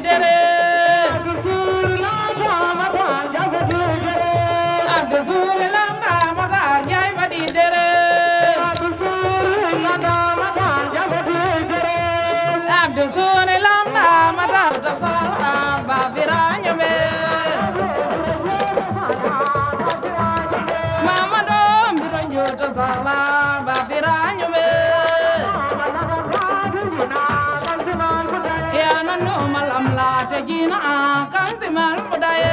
did it! jina ah, kan simar mudaye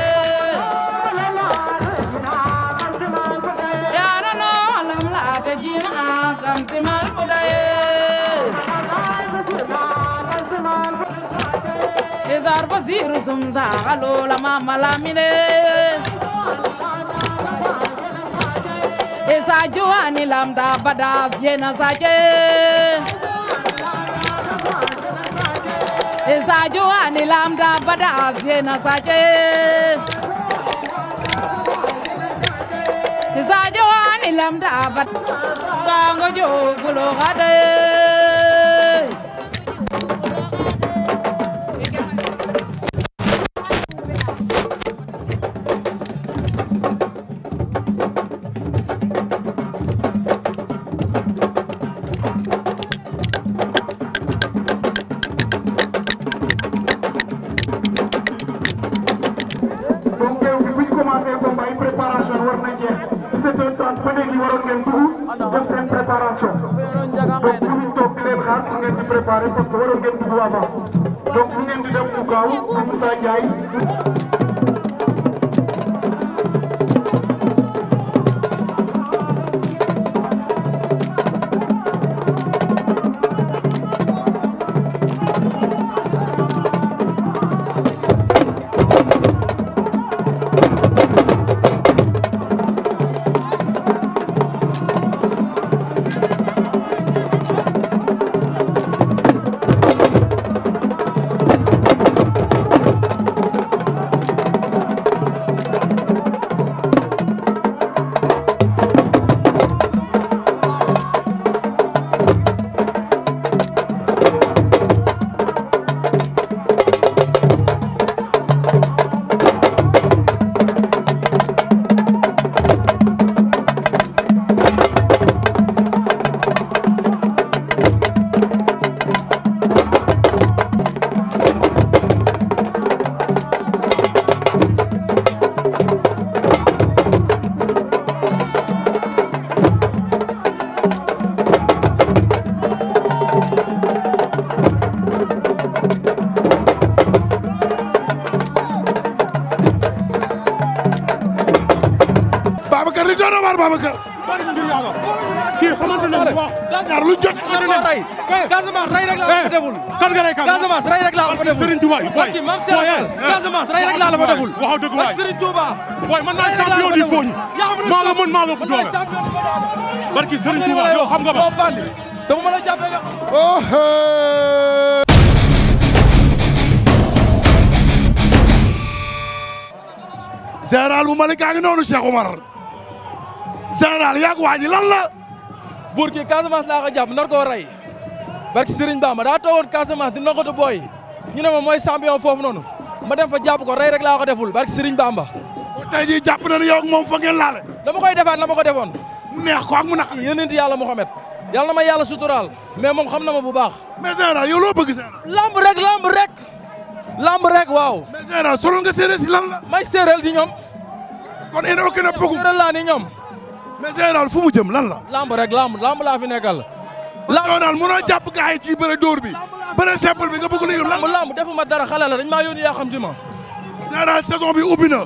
yana no alam la ta jina ah, kan simar mudaye Izar bazir zumza galola mama lamine Isa juani lamda badas yena saje e Sadio ani lamda bada asyena Sadio e Sadio ani lamda bada kango jo bulo khade চাই Casamance rey rek laa la ko deful Serigne Touba boy Casamance rey rek laa la ko deful waxaw dëgg waay Serigne Touba boy man naa champion di fooñu maa la mën maa la ëpp doole barki Serigne Touba yow xam nga ba dama mën a jàppee nga oh général bu Malick a ngi noonu Cheikh Omar général yaa ngi waaj lan la buur ki Casamance laa ko jàpp nar koo rey barki Serigne Bamba daa toogoon Casamance di nokkatu booy ñu ne ma mooy champion foofu noonu ma dem fa jàpp ko rey rek laa ko deful barki Serigne Bamba. kon tey jii jàpp na ne yow ak moom fa ngeen laale. dama koy defaat la ma ko defoon. mu neex ko ak mu naqari. yónent yàlla Muhammad yàlla na ma yàlla suturaal mais moom xam na ma bu baax. mais Général yow loo bëgg Général. lamb rek lamb rek. lamb rek waaw. mais Général la. may séeréer di ñoom. kon ina ok na bëgg. séeréer laa ni ñoom. mais Général fu mu jëm lan la. lamb rek lamb lamb laa fi nekkal. national mënoo jàpp gars yi ci bëre dóor bi bëre simple bi nga bëgg la lan lamb defuma dara xale la dañ maa yónni yaa xam ci ma général bi ubbi na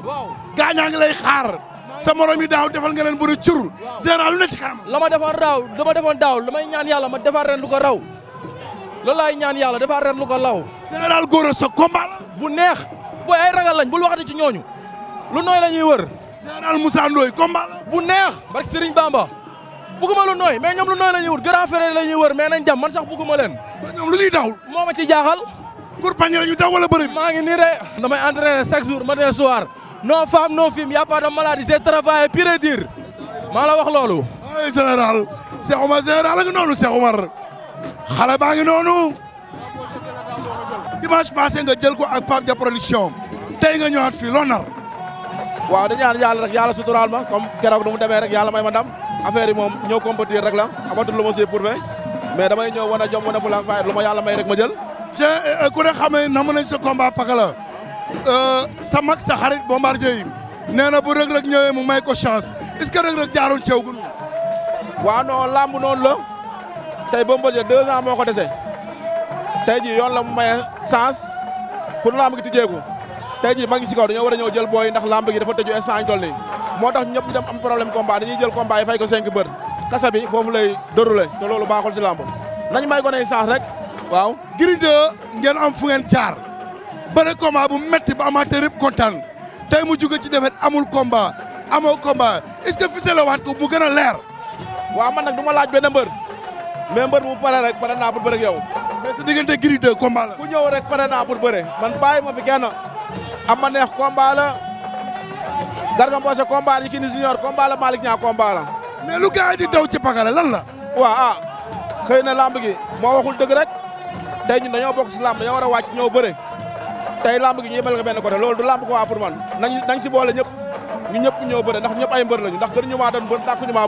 gaa ñaa ngi lay xaar sa morom yi daaw defal nga leen bëri cur général lu ne ci kanam la ma defoon daaw la ma defoon daaw la may ñaan yàlla ma defar ren lu ko raw lay laay ñaan yàlla defar ren lu ko law général góor sa combat bu neex booy ay ragal lañ bul waxati ci ñooñu lu nooy la ñuy wër général Moussa Ndoye combat la bu neex barke Serigne Bamba bëgguma lu nooy mais ñoom lu nooy la a wut grand frère la ñuy wër mais nañ dem man sax bëgguma leen. ñoom lu daw. moo ma ci jaaxal. pour bañ ñu daw wala bëri. maa ngi nii de. damay entraîner chaque jour matin soir non femme non film y a pas de maladie c'est travail pire et maa la wax loolu. ay général Cheikh Omar général la nga noonu Cheikh Omar xale baa ngi noonu. dimanche passé nga jël ko ak Pape Dia production tey nga ñëwaat fii loo nar. waaw di ñaan yàlla rek yàlla suturaal ma comme keroog nu mu yàlla may ma ndam. affaire yi moom ñëw compétir rek la amatul lu ma siy pourvu mais damay ñëw wane jom wane fu laang faay lu ma yàlla may rek ma jël. je eh, eh, ku ne xamee namu nañ sa combat Pakala euh, sa mag sa xarit Bombardier yi nee na bu Reug Reug mu may ko chance est-ce que Reug Reug jaarul ceewgul. waaw non làmb noonu la tey Bombardier deux ans moo ko dese tey jii yoon la mu may chance pour làmb gi tijjeeku tey jii maa ngi si kaw dañoo a ñëw jël booy ndax làmb gi dafa tëju instant ñu toll moo tax ñëpp ñu am problème combat dañuy jël combat yi fay ko cinq bër kasa bi foofu lay déroulé te loolu baaxul si may ko nay chance rek waaw Gris 2 ngeen am fu ngeen jaar bëre combat bu metti ba amateur yëpp tey mu ci defet amul combat amoo combat est-ce que fi la waat ko gën a leer waaw man nag du ma laaj benn mbër mais mbër bu pare rek pare naa pour bëre ak yow mais sa diggante Gris 2 combat la ku ñëw rek pare naa pour bëre man bàyyi ma fi kenn am ma neex combat Garga Mbossé combat Yékini Junior combat la Malick Niang combat lu gars di daw ci pakala lan la. waaw ah, xëy na lamb gi moo waxul dëgg rek tey ñun dañoo bokk si lamb dañoo war a wàcc ñoo bëre tey lamb gi ñu yemal ko benn côté loolu du lamb ko waa pour man nañ ñëpp ñu ñëpp ñoo bëre ndax ñëpp ay mbër ndax gënuñu maa doon mbër tàkkuñu maa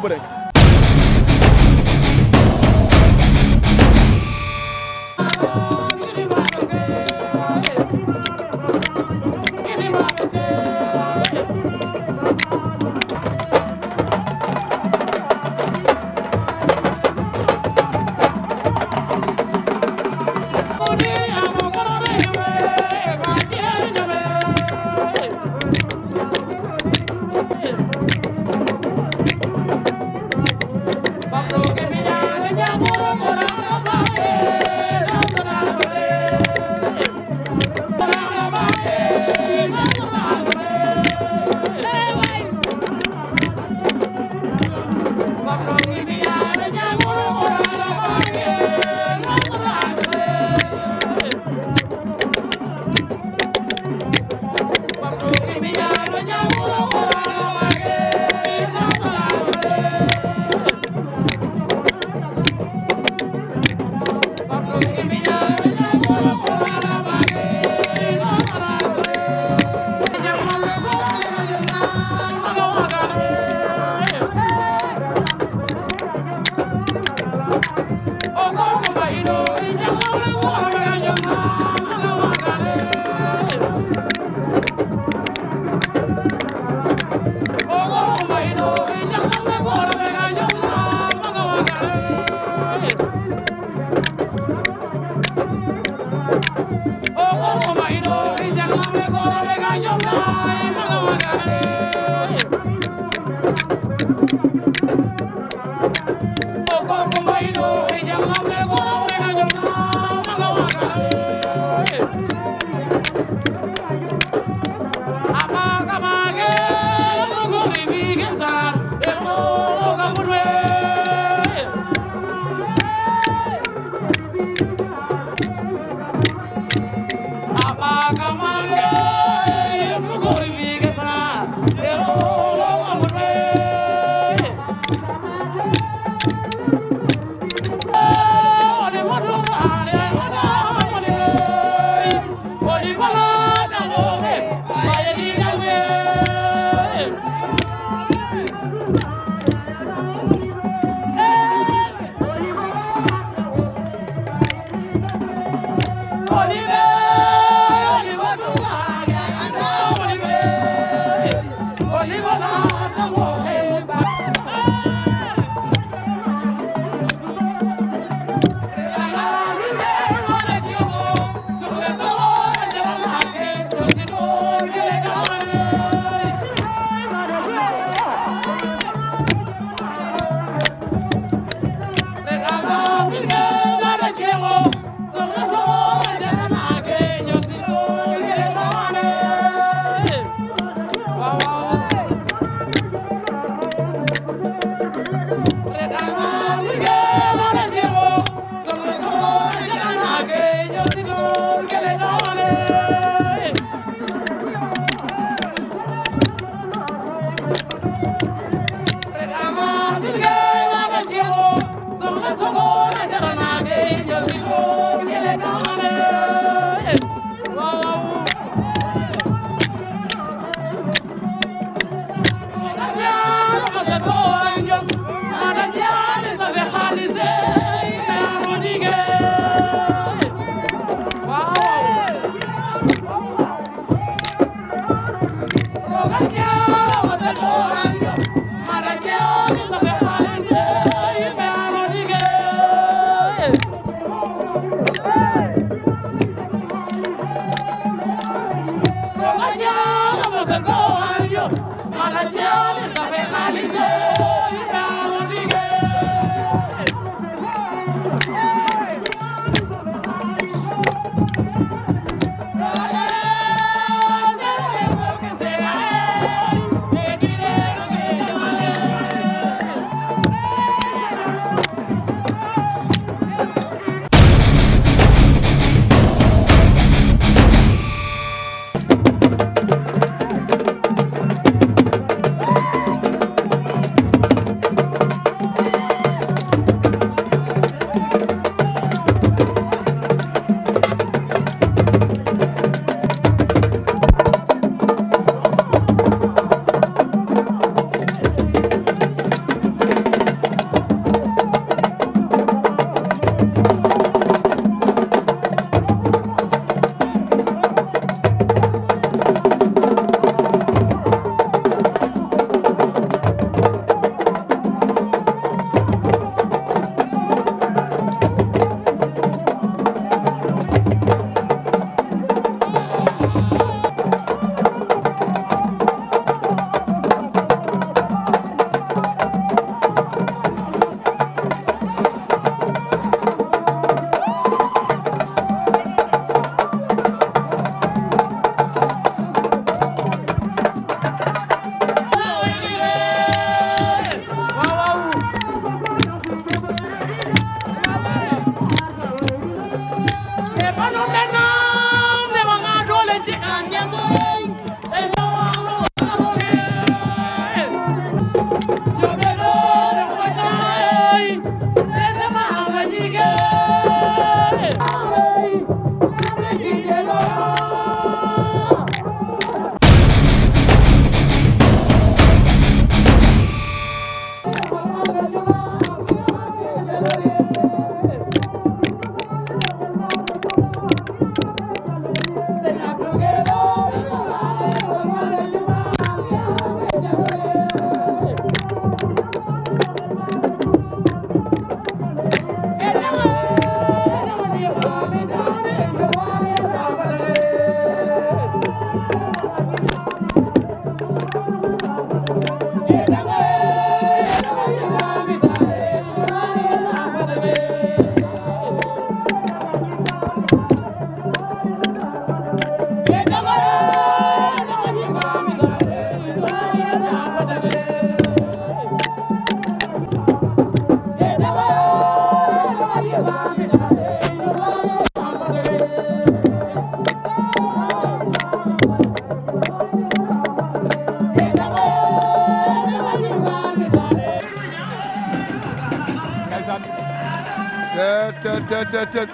te te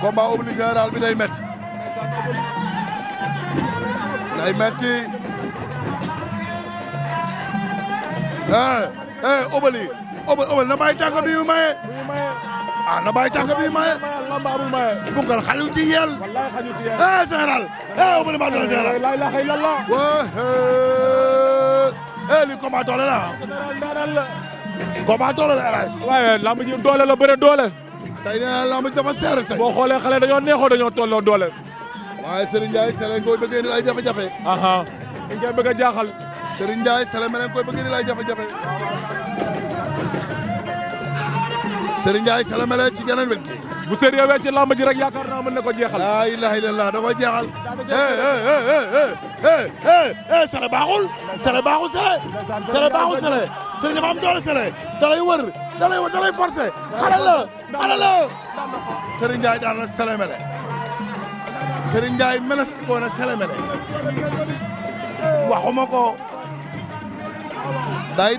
combat obligé général bi day métti day métti eh obali obali na bàyyi tànk bi mu maye ah na bàyyi tànk bi mu maye bunkal xajul ci yel eh général eh obali maa doon général la ilaha illallah eh li combat doole la combat doole la El Hadj waaye lamb ji doole la bëre doole tey na naa lamb dafa seer tey. boo xoolee xale dañoo neexoo dañoo tolloo doole. waaye Serigne Ndiaye Sele koy bëggee ni jafe-jafe. dañ koy bëgg a jaaxal. Serigne Ndiaye Sele meneen koy bëggee ni ay jafe-jafe. Serigne Ndiaye Sele meneen ci geneen wet gi. bu sérieux wee ci lamb ji rek yaakaar naa mën ne ko jeexal. laa ilaha illallah da jeexal. Sele baaxul. Sele baaxul Sele. Sele baaxul Sele. Sele dafa Sele. da lay wër. da lay da lay forcer xale la xale la Serigne Ndiaye daan na selemele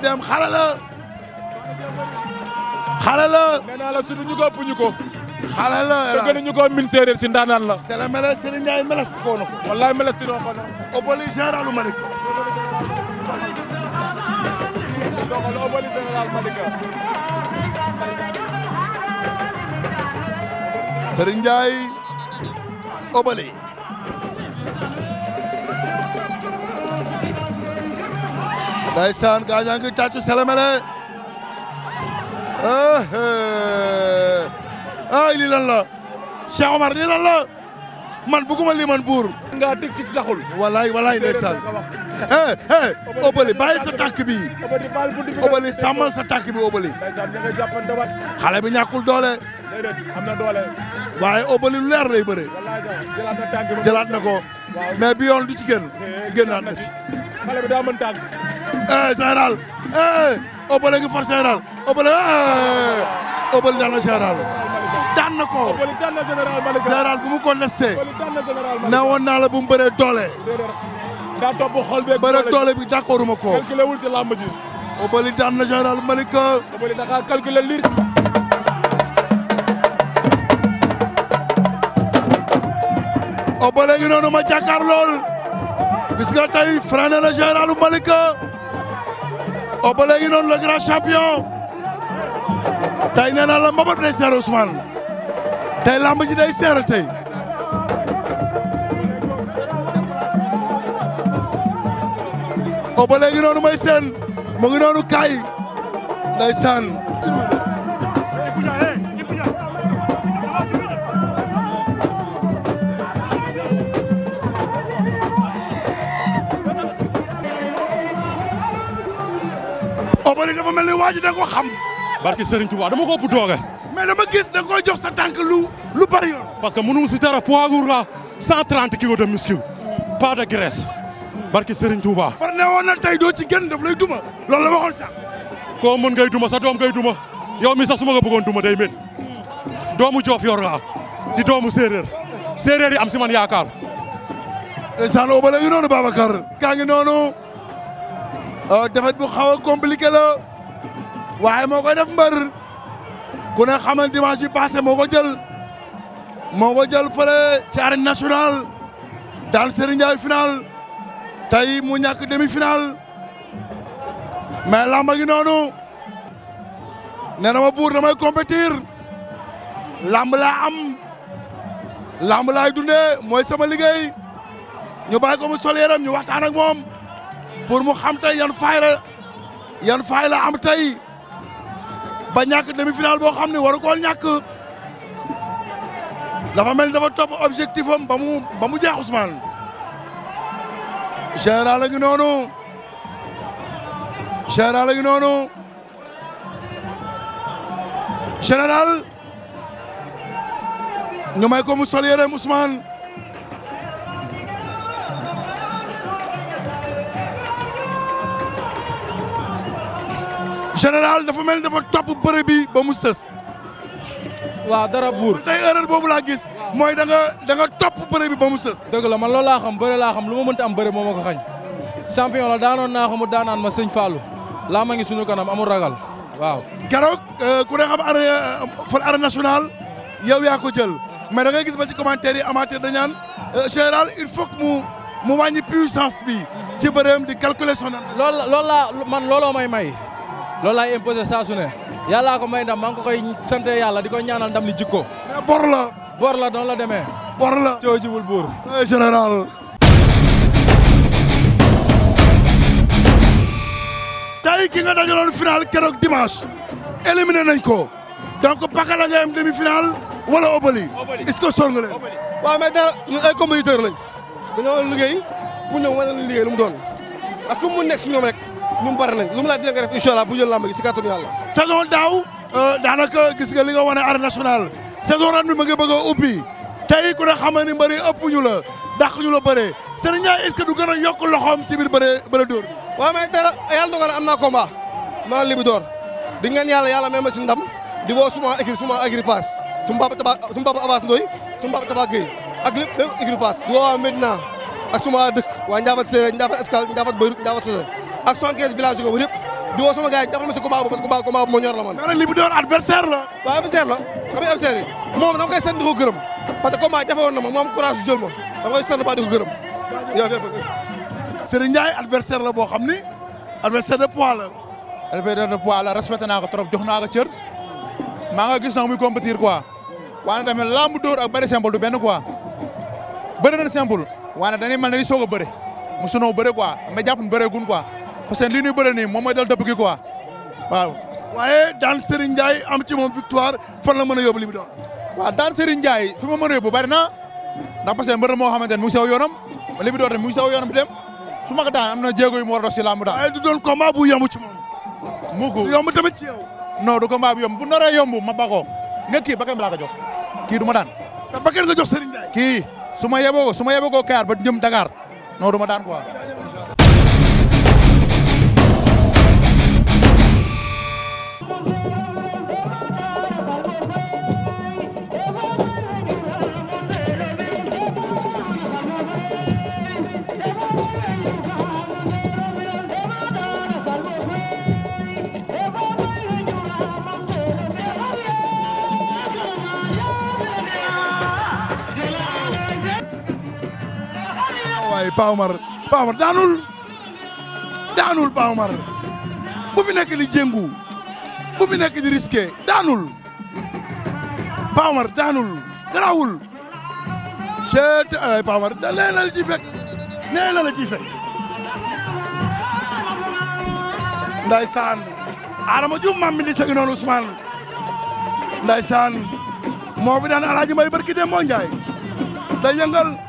dem xale la xale naa la su ñu ko ëpp ñu ko xale la te gën ñu la selemele Serigne Ndiaye meles ko na ko wallaay meles doxal Obeuly Général saan Serigne Ndiaye Obeuly selemele eh, eh. ay lii lan la Cheikh Omar lii lan la man bëgguma lii man buur nga tik tik taxul walaay walaay ndeysaan hey hey Obali sa tànk bi Obali sa tànk bi Obali. xale bi ñàkkul doole. am na doole. waaye Obali lu leer lay bëre. jëlaat na ko mais bi yoon du ci génn eh, eh, génnaat na ci. xale bi daa mën tànk. eh général eh Obali ngi far général eh, na ko général bu mu ko nestee. ne woon naa la bu mu doole. daa topp bi d'accorduma ko. calculé wul na général Malick. noonu ma jàkkaar lool. bis nga tey freiné na général Malick. Obali ngi noonu le grand champion. tey nee naa la mbabat day seer Ousmane. tey làmb day seer tey. o ba léegi noonu may seen mu ngi noonu kaay ndeysaan o ba léegi dafa mel ni waa ji da ko xam barki Serigne Touba dama ko ëpp doole mais dama gis da koy jox sa tànk lu lu bari yoon parce que mënu si dara poids lourd la 130 kilos de muscle pas de graisse barki Serigne Touba. par ne woon na tey doo ci génn daf lay duma loolu la waxoon sax. koo mën ngay duma sa doom ngay duma yow mi sa su ma ko bëggoon duma day métti doomu joof yor laa di doomu séeréer séeréer yi am si man yaakaar. ndeysaan eh, ba léegi noonu Babacar. kaa ngi noonu euh, defet bu xaw a compliqué moo koy def mbër ku ne xamal dimanche bi passé moo ko jël moo ko jël fële ci arène nationale daan Serigne final. tey mu ñàkk demi-finale mais lamba gi noonu nee na ma buur damay compétir lamb laa am lamb laay dundee mooy sama liggéey ñu bàyyi ko mu sol ñu waxtaan ak moom pour mu xam tey yan faay la yan faay la am tey ba ñàkk demi-finale boo xam ne waru koo ñàkk dafa mel ni dafa topp objectif ba mu ba mu jeex Ousmane général a ngi noonu général a ngi noonu général ñu may ko mu sol yéreem Ousmane général dafa mel dafa topp bëre bi ba mu sës waaw dara buur tay erreur boobu laa gis mooy da nga da nga topp bëre bi ba mu sës la man loolu laa xam bëre laa xam lu ma mënta am bëre moo ma ko xañ champion la daanoon na ko mu ma sëñ Fallou la ma ngi suñu kanam amul ragal waaw keroog euh, ku ne xam ar euh, fan arène nationale yow yaa ko jël mais da ngay gis ba ci commentaire yi amateur dañaan euh, général il faut que mu mu wàññi puissance bi ci bëreem di calculer son loolu loolu laa man looloo may may loolu laay imposé saa su ne yàllaa ko may ndam maa ngi ko koy sant yàlla di ko ñaanal ndam li jikko. mais bor la. bor la doon la demee. bor la coo jibul buur. général. tey ki nga dajaloon final keroog dimanche éliminé nañ ko donc Pakala la nga am demi final wala Obali. est-ce que sor nga leen. waaw mais dara ñun ay compétiteur lañ dañoo liggéey pour ñoom wane liggéey lu mu doon ak mu nekk si ñoom rek. ñu mu pare lu mu laaj dina ko def bu jël làmb gi yàlla. saison daaw euh, daanaka gis nga li nga wane arène nationale saison ren bi ma ngi bëgg a tey ku na xam ni mbëri ëpp ñu la dàq ñu la bëree Serigne Ndiaye est-ce que du gën yokk loxoom ci biir bëree bëri dóor bi. waaw mais dara yàlla dogal am naa combat maa ngi Libidor di ngeen yàlla yàlla may ma si ndam di woo suma équipe suma agri face su ma papa taba su ma papa Abass Ndoye su ma papa Taba Gueye ak lépp lépp écurie Fass di woo waa Medina ak suma dëkk waa Ndiabat ak 75 villages yu di woo sama gars yi ma si combat boobu parce que combat combat bu ma ñor la man. mais nag li mu adversaire la. waaw adversaire la moom dama koy sant di ko gërëm parce que combat jafe woon na moom courage jël ma dama koy sant ba di gërëm. yow fekk adversaire la boo xam ni adversaire de poids la. adversaire de naa ko trop jox naa ko cër maa nga gis nag muy compétir quoi waaye me lamb dóor ak bëri simple du benn quoi bëri na simple waaye dañuy mel ne di soog a bëri mu sunoo bëri quoi mais jàpp na bëreegun parce que li ñuy bëre nii moom mooy dal dëpp gi quoi waaw. waaye daan Serigne Ndiaye am ci moom victoire fan la mën a yóbbu li mu doon. waaw daan Serigne Ndiaye fi ma mën a yóbbu bari na ndax parce que moo xamante ne mu ngi saw yoonam li mu doon tamit mu ngi saw yoonam di dem su ma ko daan am na jéego yu mu war a dox si làmb daal. waaye bu yomb ci moom. mu ko du yomb tamit ci yow. non du bu yomb bu noree yomb ma bakoo nga kii bakkan laa ko jox kii du ma daan. sa bakkan nga jox Serigne kii su ma yeboo su ma yeboo kaar ba jëm Dakar non du ma daan quoi. Pa Omar Pa Omar daanul daanul Pa bu fi nekk di jéngu bu fi nekk di risqué daanul Pa Omar daanul garaawul seet ay Pa da leen la ci fekk nee na la ci fekk ndaysaan Adama Diouf maam mi di sëgg noonu Ousmane ndaysaan moo fi daan alaaji may barki dem moo njaay day yëngal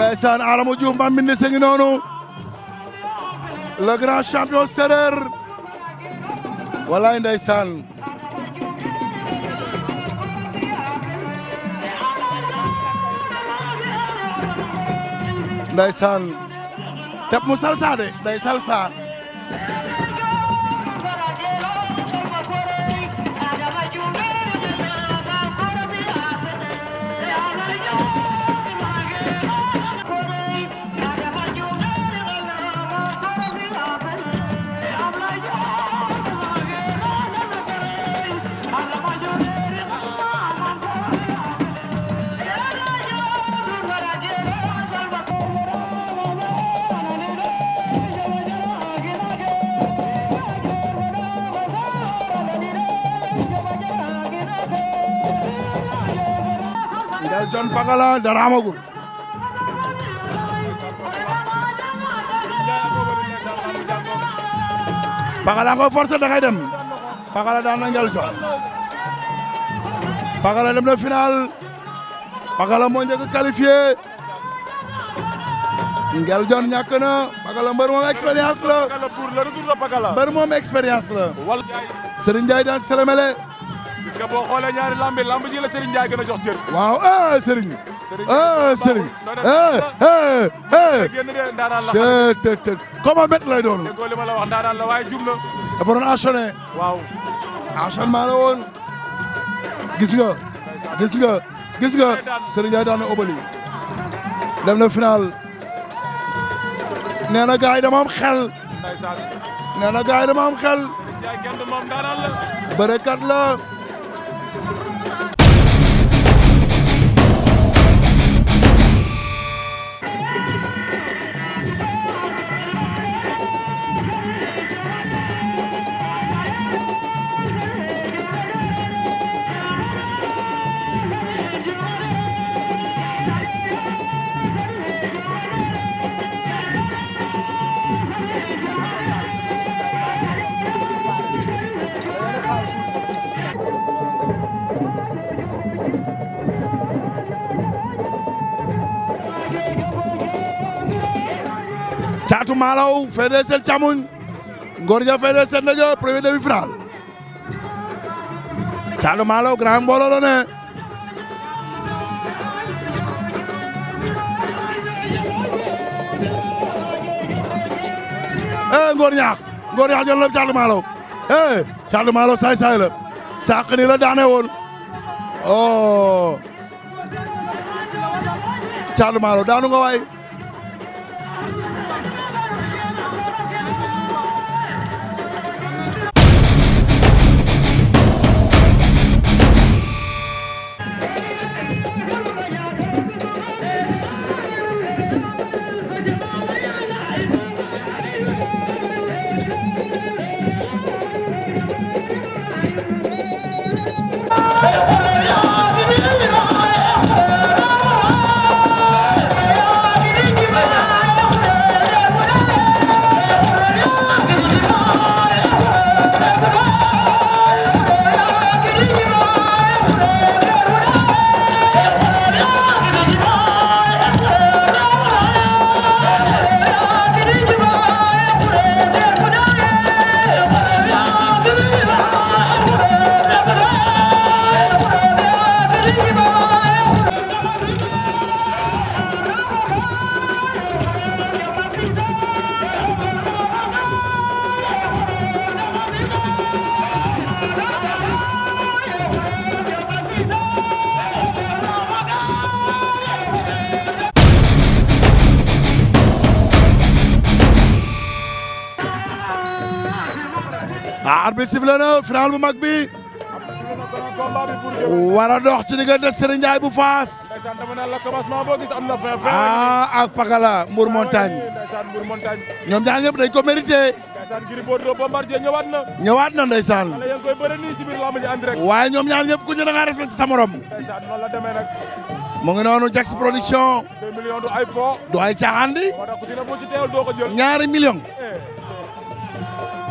ndeysaan Adama Diouf Mame Mbine se grand champion séeréer walaay ndeysaan ndeysaan mu salsa de day salsa John Pakala dara amagul. Pakala nga forcé da dem Pakala daan na Ndiol John dem na final Pakala moo njëkk qualifié Ndiol John ñàkk na Pakala moom expérience la mbër moom selemele gis nga boo xoolee ñaari lambi lamb ji la Serigne Ndiaye gën a jox cër. waaw ah Serigne. Serigne eh, Serigne. comment mét lay doon. déggoo li ma la wax ndaanaan la waaye jum na. dafa doon enchaîné. waaw. enchaînement la woon. gis nga. gis nga gis nga Serigne Ndiaye daan na obali. dem na final. nee na gars yi dama am xel. nee na gars yi dama am xel. Serigne Ndiaye kenn du moom ndaanaan la. bërekat la. Malaw féetee seen càmmuñ la ne ee Ngor Ñaax Ngor Ñaax jël na eh, saay saay la sàq la daane woon oo oh. Thiatou daanu nga waay dana final bu mag bi war a dox ci diggante Serigne Ndiaye bu Faas. ah ak Pakala mur Montagne. ñoom ñaar ñëpp dañ ko mérité. ñëwaat na ndeysaan. Ya waaye ñoom ñaar ñëpp ku ñu da ngaa respecté sa morom. mu ngi noonu Jax production. du ay caaxaan di. ñaari million. Eh.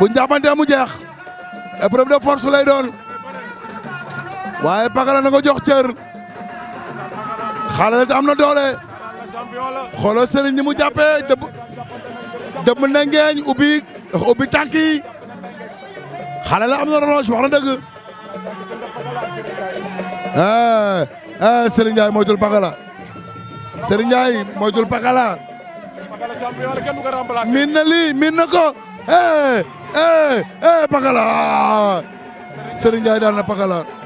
bu ñu mu jeex épreuve de force lay doon waaye Pakala na ko jox cër xale la am na doole xoolal sëriñ mu jàppee dëbb dëbb na ngeeñ ubbi ubbi tànk yi xale la am na ronge wax na dëgg ah Serigne Ndiaye moytul Pakala Serigne Ndiaye moytul Pakala min na lii min na ko. Eh, eh eh Pakala Serigne Ndiaye daan na